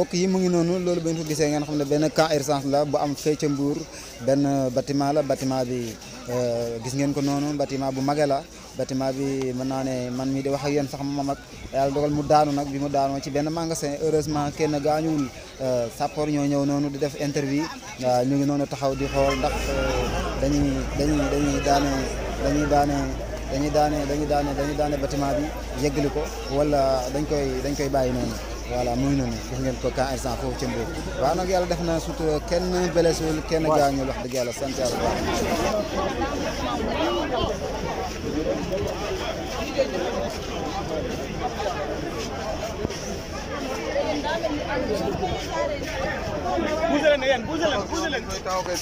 mbokk yi mu ngi noonu loolu ba ñu ko gisee ngeen xam ne benn cas urgence la bu am fee ca Mbour benn bâtiment la bâtiment bi euh, gis ngeen ko noonu bâtiment bu mage la bâtiment bi mën naa ne man mii di wax ak yéen sax ma mag yàlla dogal mu daano nag bi mu daanoo ci benn magasin heureusement kenn gaañuwul euh, sapor ñoo ñëw noonu di def interview ñu ngi noonu taxaw di xool ndax euh, dañuy dañuy dañuy daane dañuy daane dañuy daane dañuy daane dañuy daane bâtiment bi yeggali ko wala dañ koy dañ koy bàyyi noonu voilà muy noonu def ngeen ko ka instant fofu ci mbir wa nak yàlla def na surtout kenn blessewul kenn gaañul wax deug yàlla sante yàlla baax Buusaleen yéen buusaleen buusaleen